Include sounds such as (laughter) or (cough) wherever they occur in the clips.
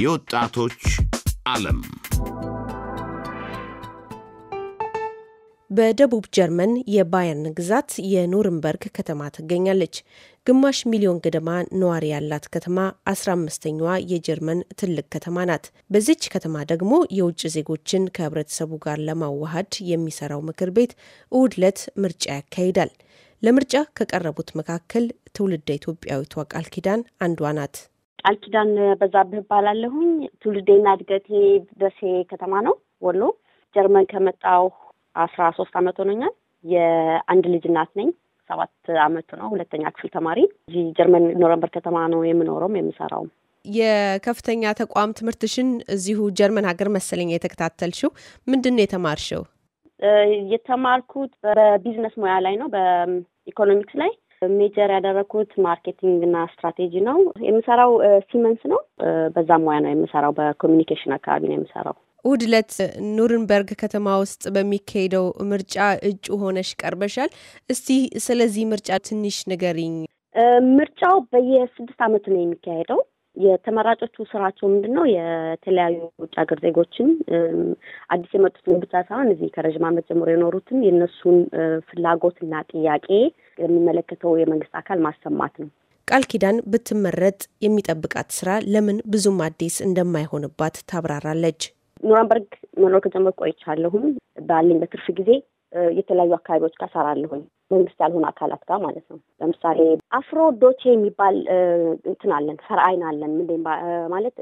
የወጣቶች ዓለም በደቡብ ጀርመን የባየርን ግዛት የኑርንበርግ ከተማ ትገኛለች። ግማሽ ሚሊዮን ገደማ ነዋሪ ያላት ከተማ 15ኛዋ የጀርመን ትልቅ ከተማ ናት። በዚች ከተማ ደግሞ የውጭ ዜጎችን ከህብረተሰቡ ጋር ለማዋሃድ የሚሰራው ምክር ቤት እሁድ ዕለት ምርጫ ያካሂዳል። ለምርጫ ከቀረቡት መካከል ትውልደ ኢትዮጵያዊቷ ቃል ኪዳን አንዷ ናት። ቃል ኪዳን በዛብህ እባላለሁኝ። ትውልዴና እድገቴ ደሴ ከተማ ነው፣ ወሎ። ጀርመን ከመጣሁ አስራ ሶስት አመት ሆኖኛል። የአንድ ልጅ እናት ነኝ። ሰባት አመት ነው፣ ሁለተኛ ክፍል ተማሪ። እዚህ ጀርመን ኖረንበር ከተማ ነው የምኖረውም የምሰራውም። የከፍተኛ ተቋም ትምህርትሽን እዚሁ ጀርመን ሀገር መሰለኝ የተከታተልሽው። ምንድን ነው የተማርሽው? የተማርኩት በቢዝነስ ሙያ ላይ ነው፣ በኢኮኖሚክስ ላይ ሜጀር ያደረኩት ማርኬቲንግ እና ስትራቴጂ ነው። የምሰራው ሲመንስ ነው። በዛ ሙያ ነው የምሰራው። በኮሚኒኬሽን አካባቢ ነው የምሰራው። እሁድ ዕለት ኑርንበርግ ከተማ ውስጥ በሚካሄደው ምርጫ እጩ ሆነሽ ቀርበሻል። እስቲ ስለዚህ ምርጫ ትንሽ ንገሪኝ። ምርጫው በየስድስት አመቱ ነው የሚካሄደው የተመራጮቹ ስራቸው ምንድን ነው? የተለያዩ ውጭ ሀገር ዜጎችን አዲስ የመጡትን ብቻ ሳይሆን እዚህ ከረዥም ዓመት ጀምሮ የኖሩትን የእነሱን ፍላጎትና ጥያቄ የሚመለከተው የመንግስት አካል ማሰማት ነው። ቃል ኪዳን ብትመረጥ የሚጠብቃት ስራ ለምን ብዙም አዲስ እንደማይሆንባት ታብራራለች። ኑረምበርግ መኖር ከጀመርኩ ቆይቻለሁም። ባለኝ በትርፍ ጊዜ የተለያዩ አካባቢዎች ጋር ሰራለሁኝ መንግስት ያልሆኑ አካላት ጋር ማለት ነው። ለምሳሌ አፍሮ ዶቼ የሚባል እንትን አለን ፈርአይን አለን ምን ማለት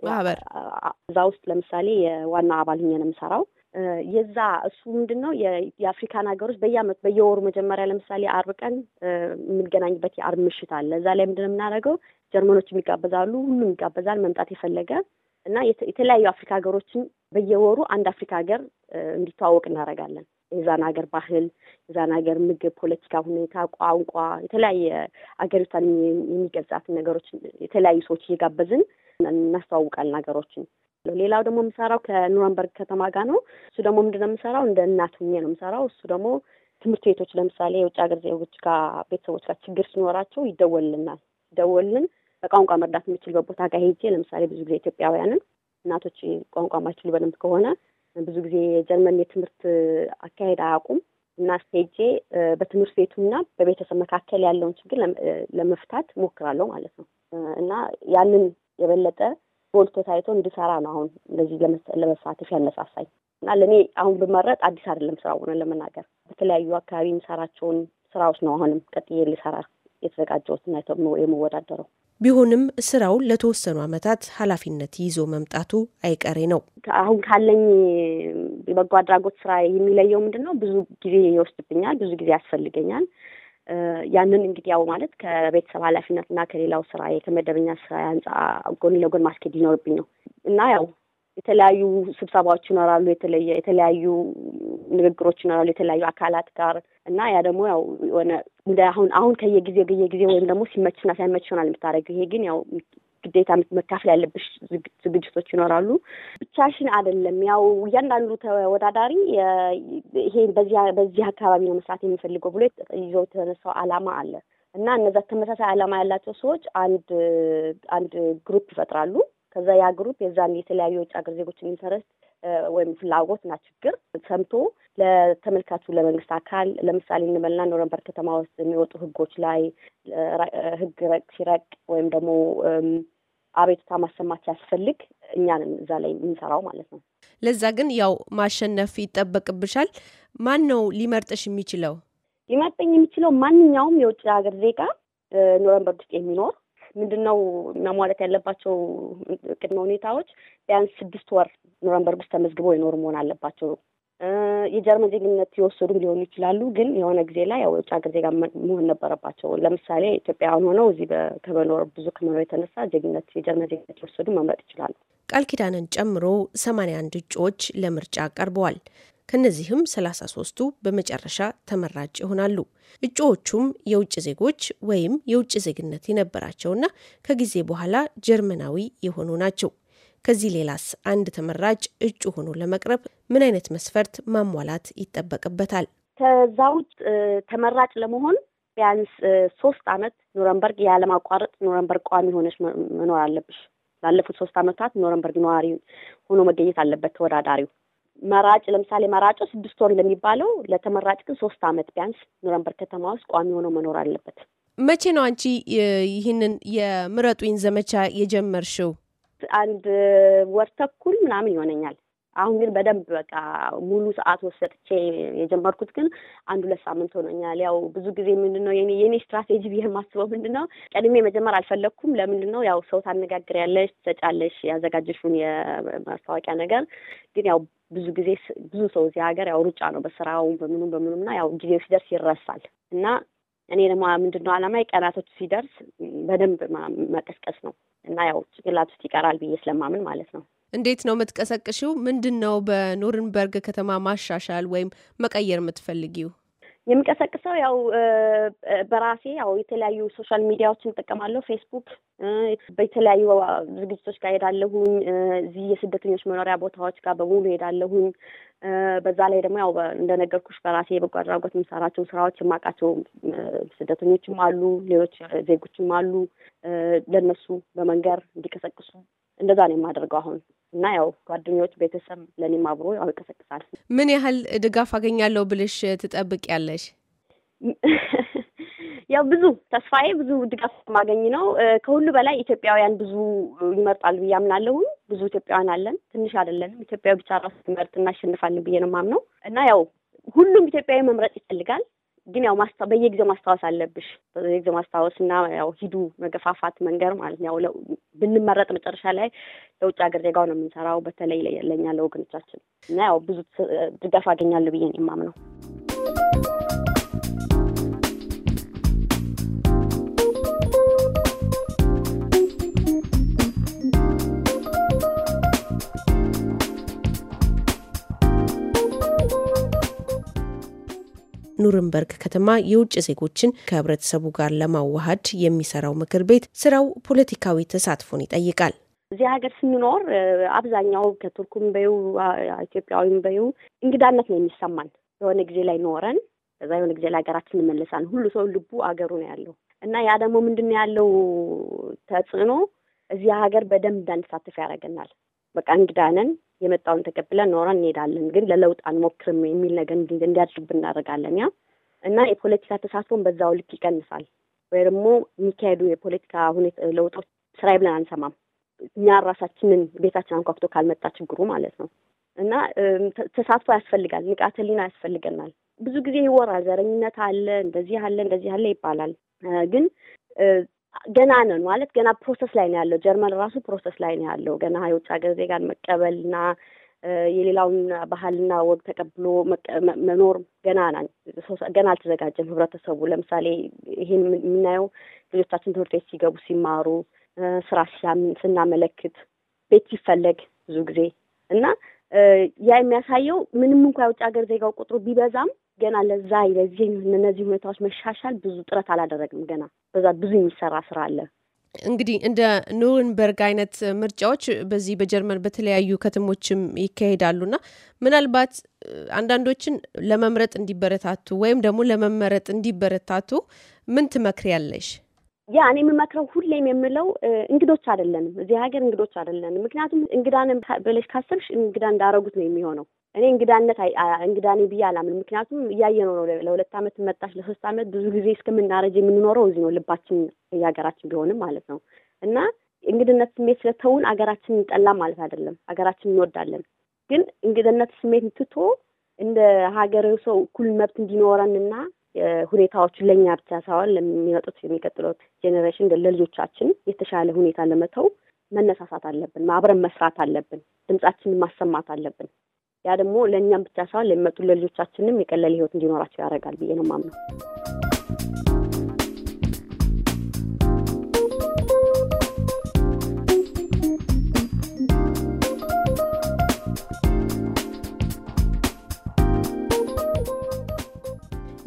እዛ ውስጥ ለምሳሌ የዋና አባል ሁኜ ነው የምሰራው። የዛ እሱ ምንድን ነው የአፍሪካን ሀገሮች በየአመቱ በየወሩ መጀመሪያ ለምሳሌ አርብ ቀን የምንገናኝበት የአርብ ምሽት አለ። እዛ ላይ ምንድን ነው የምናደርገው? ጀርመኖችም ይጋበዛሉ፣ ሁሉም ይጋበዛል መምጣት የፈለገ እና የተለያዩ አፍሪካ ሀገሮችን በየወሩ አንድ አፍሪካ ሀገር እንዲተዋወቅ እናደርጋለን። የዛን ሀገር ባህል፣ የዛን ሀገር ምግብ፣ ፖለቲካ ሁኔታ፣ ቋንቋ፣ የተለያየ አገሪቷን የሚገልጻትን ነገሮች የተለያዩ ሰዎች እየጋበዝን እናስተዋውቃለን ሀገሮችን። ሌላው ደግሞ የምሰራው ከኑረንበርግ ከተማ ጋር ነው። እሱ ደግሞ ምንድነው የምሰራው እንደ እናት ሁኜ ነው የምሰራው። እሱ ደግሞ ትምህርት ቤቶች ለምሳሌ የውጭ ሀገር ዜጎች ጋር ቤተሰቦች ጋር ችግር ሲኖራቸው ይደወልልናል። ይደወልልን በቋንቋ መርዳት የምችልበት ቦታ ጋር ሄጄ ለምሳሌ ብዙ ጊዜ ኢትዮጵያውያንን እናቶች ቋንቋ ማችሉ በደንብ ከሆነ ብዙ ጊዜ የጀርመን የትምህርት አካሄድ አያውቁም እና ስቴጄ በትምህርት ቤቱና በቤተሰብ መካከል ያለውን ችግር ለመፍታት ሞክራለሁ ማለት ነው እና ያንን የበለጠ ጎልቶ ታይቶ እንድሰራ ነው አሁን እንደዚህ ለመሳተፍ ያነሳሳኝ እና ለእኔ አሁን ብመረጥ አዲስ አይደለም ስራ ሆነ ለመናገር በተለያዩ አካባቢ የምሰራቸውን ስራዎች ነው አሁንም ቀጥዬ ልሰራ የተዘጋጀሁትና የምወዳደረው። ቢሆንም ስራው ለተወሰኑ ዓመታት ኃላፊነት ይዞ መምጣቱ አይቀሬ ነው። አሁን ካለኝ የበጎ አድራጎት ስራ የሚለየው ምንድን ነው? ብዙ ጊዜ ይወስድብኛል፣ ብዙ ጊዜ ያስፈልገኛል። ያንን እንግዲህ ያው ማለት ከቤተሰብ ኃላፊነትና ከሌላው ስራ ከመደበኛ ስራ ያንጻ ጎን ለጎን ማስኬድ ይኖርብኝ ነው እና ያው የተለያዩ ስብሰባዎች ይኖራሉ። የተለየ የተለያዩ ንግግሮች ይኖራሉ የተለያዩ አካላት ጋር እና ያ ደግሞ ያው የሆነ እንደ አሁን አሁን ከየጊዜው ከየጊዜው ወይም ደግሞ ሲመችና ሳይመች ይሆናል የምታደርገው። ይሄ ግን ያው ግዴታ መካፈል ያለብሽ ዝግጅቶች ይኖራሉ። ብቻሽን አይደለም። ያው እያንዳንዱ ተወዳዳሪ ይሄ በዚህ አካባቢ ነው መስራት የሚፈልገው ብሎ ይዘው የተነሳው አላማ አለ እና እነዛ ተመሳሳይ ዓላማ ያላቸው ሰዎች አንድ አንድ ግሩፕ ይፈጥራሉ ከዛ ያ የዛን የተለያዩ የውጭ ሀገር ዜጎችን ኢንተረስት ወይም ፍላጎት እና ችግር ሰምቶ ለተመልካቹ ለመንግስት አካል ለምሳሌ እንበልና ኖረንበር ከተማ ውስጥ የሚወጡ ህጎች ላይ ህግ ረቅ ሲረቅ ወይም ደግሞ አቤቱታ ማሰማት ሲያስፈልግ እኛንም እዛ ላይ የምንሰራው ማለት ነው። ለዛ ግን ያው ማሸነፍ ይጠበቅብሻል። ማን ነው ሊመርጥሽ የሚችለው? ሊመርጠኝ የሚችለው ማንኛውም የውጭ ሀገር ዜጋ ኖረንበር ውስጥ የሚኖር ምንድን ነው መሟላት ያለባቸው ቅድመ ሁኔታዎች? ቢያንስ ስድስት ወር ኑረንበርግ ውስጥ ተመዝግበው የኖሩ መሆን አለባቸው። የጀርመን ዜግነት የወሰዱም ሊሆኑ ይችላሉ። ግን የሆነ ጊዜ ላይ ያው የውጭ ሀገር ዜጋ መሆን ነበረባቸው። ለምሳሌ ኢትዮጵያውያን ሆነው እዚህ ከመኖር ብዙ ከመኖር የተነሳ ዜግነት የጀርመን ዜግነት የወሰዱ መምረጥ ይችላሉ። ቃል ኪዳንን ጨምሮ ሰማንያ አንድ እጩዎች ለምርጫ ቀርበዋል። ከእነዚህም 33ቱ በመጨረሻ ተመራጭ ይሆናሉ። እጩዎቹም የውጭ ዜጎች ወይም የውጭ ዜግነት የነበራቸውና ከጊዜ በኋላ ጀርመናዊ የሆኑ ናቸው። ከዚህ ሌላስ አንድ ተመራጭ እጩ ሆኖ ለመቅረብ ምን አይነት መስፈርት ማሟላት ይጠበቅበታል? ከዛ ውጭ ተመራጭ ለመሆን ቢያንስ ሶስት አመት ኑረንበርግ ያለማቋረጥ ኑረንበርግ ቋሚ ሆነች መኖር አለብሽ። ላለፉት ሶስት አመታት ኑረንበርግ ነዋሪ ሆኖ መገኘት አለበት ተወዳዳሪው። መራጭ ለምሳሌ መራጩ ስድስት ወር ለሚባለው ለተመራጭ ግን ሶስት አመት ቢያንስ ኑረንበር ከተማ ውስጥ ቋሚ ሆኖ መኖር አለበት። መቼ ነው አንቺ ይህንን የምረጡኝ ዘመቻ የጀመርሽው? አንድ ወር ተኩል ምናምን ይሆነኛል። አሁን ግን በደንብ በቃ ሙሉ ሰዓት ወሰጥቼ የጀመርኩት ግን አንድ ሁለት ሳምንት ሆኖኛል። ያው ብዙ ጊዜ ምንድነው የኔ ስትራቴጂ ብዬ የማስበው ምንድነው ቀድሜ መጀመር አልፈለግኩም። ለምንድነው ያው ሰው ያለሽ ትሰጫለሽ ያዘጋጀሽውን የማስታወቂያ ነገር ግን ያው ብዙ ጊዜ ብዙ ሰው እዚህ ሀገር ያው ሩጫ ነው በስራው በምኑም በምኑም እና ያው ጊዜው ሲደርስ ይረሳል እና እኔ ደግሞ ምንድነው አላማ ቀናቶች ሲደርስ በደንብ መቀስቀስ ነው እና ያው ጭንቅላት ውስጥ ይቀራል ብዬ ስለማምን ማለት ነው። እንዴት ነው የምትቀሰቅሽው? ምንድን ነው በኑርንበርግ ከተማ ማሻሻል ወይም መቀየር የምትፈልጊው? የሚቀሰቅሰው ያው በራሴ ያው የተለያዩ ሶሻል ሚዲያዎችን እጠቀማለሁ። ፌስቡክ፣ በተለያዩ ዝግጅቶች ጋር ሄዳለሁኝ። እዚህ የስደተኞች መኖሪያ ቦታዎች ጋር በሙሉ ሄዳለሁኝ። በዛ ላይ ደግሞ ያው እንደነገርኩሽ በራሴ የበጎ አድራጎት የምሰራቸው ስራዎች የማውቃቸው ስደተኞችም አሉ፣ ሌሎች ዜጎችም አሉ። ለነሱ በመንገር እንዲቀሰቅሱ እንደዛ ነው የማደርገው አሁን እና ያው ጓደኞች፣ ቤተሰብ ለእኔም አብሮ ያው ይቀሰቅሳል። ምን ያህል ድጋፍ አገኛለሁ ብልሽ ትጠብቂያለሽ? (laughs) ያው ብዙ ተስፋዬ ብዙ ድጋፍ ማገኝ ነው። ከሁሉ በላይ ኢትዮጵያውያን ብዙ ይመርጣል ብዬ አምናለሁኝ። ብዙ ኢትዮጵያውያን አለን፣ ትንሽ አይደለንም። ኢትዮጵያ ብቻ ራሱ ይመርጥ እናሸንፋለን ብዬ ነው የማምነው እና ያው ሁሉም ኢትዮጵያዊ መምረጥ ይፈልጋል። ግን ያው በየጊዜው ማስታወስ አለብሽ። በየጊዜው ማስታወስ እና ያው ሂዱ መገፋፋት መንገር ማለት ያው ብንመረጥ መጨረሻ ላይ ለውጭ ሀገር ዜጋው ነው የምንሰራው፣ በተለይ ለእኛ ለወገኖቻችን እና ያው ብዙ ድጋፍ አገኛለሁ ብዬ ነው የማምነው። ኑርንበርግ ከተማ የውጭ ዜጎችን ከህብረተሰቡ ጋር ለማዋሃድ የሚሰራው ምክር ቤት ስራው ፖለቲካዊ ተሳትፎን ይጠይቃል። እዚህ ሀገር ስንኖር አብዛኛው ከቱርኩም በዩ ኢትዮጵያዊም በዩ እንግዳነት ነው የሚሰማን። የሆነ ጊዜ ላይ ኖረን ከዛ የሆነ ጊዜ ላይ ሀገራችን እንመለሳን። ሁሉ ሰው ልቡ አገሩ ነው ያለው እና ያ ደግሞ ምንድን ነው ያለው ተጽዕኖ እዚህ ሀገር በደንብ እንዳንሳተፍ ያደርገናል። በቃ እንግዳነን የመጣውን ተቀብለን ኖረን እንሄዳለን፣ ግን ለለውጥ አንሞክርም የሚል ነገር እንዲያድርብ እናደርጋለን። ያ እና የፖለቲካ ተሳትፎን በዛው ልክ ይቀንሳል። ወይ ደግሞ የሚካሄዱ የፖለቲካ ሁኔታ ለውጦች ስራ ብለን አንሰማም። እኛ ራሳችንን ቤታችን አንኳኩቶ ካልመጣ ችግሩ ማለት ነው። እና ተሳትፎ ያስፈልጋል፣ ንቃተ ህሊና ያስፈልገናል። ብዙ ጊዜ ይወራል፣ ዘረኝነት አለ፣ እንደዚህ አለ፣ እንደዚህ አለ ይባላል። ግን ገና ነን ማለት ገና ፕሮሰስ ላይ ነው ያለው። ጀርመን ራሱ ፕሮሰስ ላይ ነው ያለው። ገና የውጭ ሀገር ዜጋን መቀበልና የሌላውን ባህልና ወግ ተቀብሎ መኖር ገና ነን፣ ገና አልተዘጋጀም ህብረተሰቡ። ለምሳሌ ይሄን የምናየው ልጆቻችን ትምህርት ቤት ሲገቡ፣ ሲማሩ፣ ስራ ስናመለክት፣ ቤት ሲፈለግ ብዙ ጊዜ እና ያ የሚያሳየው ምንም እንኳ የውጭ ሀገር ዜጋው ቁጥሩ ቢበዛም ገና ለዛ ለዚህ እነዚህ ሁኔታዎች መሻሻል ብዙ ጥረት አላደረግም። ገና በዛ ብዙ የሚሰራ ስራ አለ። እንግዲህ እንደ ኑርንበርግ አይነት ምርጫዎች በዚህ በጀርመን በተለያዩ ከተሞችም ይካሄዳሉና ምናልባት አንዳንዶችን ለመምረጥ እንዲበረታቱ ወይም ደግሞ ለመመረጥ እንዲበረታቱ ምን ትመክሪያለሽ? ያ እኔ የምመክረው ሁሌም የምለው እንግዶች አይደለንም፣ እዚህ ሀገር እንግዶች አይደለንም። ምክንያቱም እንግዳን ብለሽ ካሰብሽ እንግዳ እንዳረጉት ነው የሚሆነው እኔ እንግዳነት እንግዳኔ ብዬ አላምን። ምክንያቱም እያየ ነው። ለሁለት ዓመት መጣሽ ለሶስት ዓመት ብዙ ጊዜ እስከምናረጅ የምንኖረው እዚህ ነው። ልባችን የሀገራችን ቢሆንም ማለት ነው እና እንግድነት ስሜት ስለተውን አገራችን እንጠላ ማለት አይደለም። አገራችን እንወዳለን። ግን እንግድነት ስሜት ትቶ እንደ ሀገር ሰው እኩል መብት እንዲኖረንና ሁኔታዎችን ለእኛ ብቻ ሳይሆን ለሚመጡት የሚቀጥለው ጄኔሬሽን ለልጆቻችን የተሻለ ሁኔታ ለመተው መነሳሳት አለብን። ማብረን መስራት አለብን። ድምጻችንን ማሰማት አለብን። ያ ደግሞ ለእኛም ብቻ ሳይሆን ለሚመጡ ለልጆቻችንም የቀለል ህይወት እንዲኖራቸው ያደርጋል ብዬ ነው ማምነው።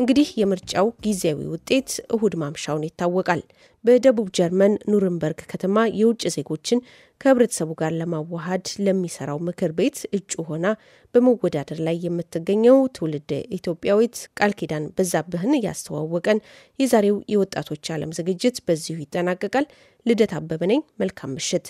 እንግዲህ የምርጫው ጊዜያዊ ውጤት እሁድ ማምሻውን ይታወቃል። በደቡብ ጀርመን ኑርንበርግ ከተማ የውጭ ዜጎችን ከህብረተሰቡ ጋር ለማዋሃድ ለሚሰራው ምክር ቤት እጩ ሆና በመወዳደር ላይ የምትገኘው ትውልድ ኢትዮጵያዊት ቃል ኪዳን በዛብህን ያስተዋወቀን የዛሬው የወጣቶች ዓለም ዝግጅት በዚሁ ይጠናቀቃል። ልደት አበበ ነኝ። መልካም ምሽት።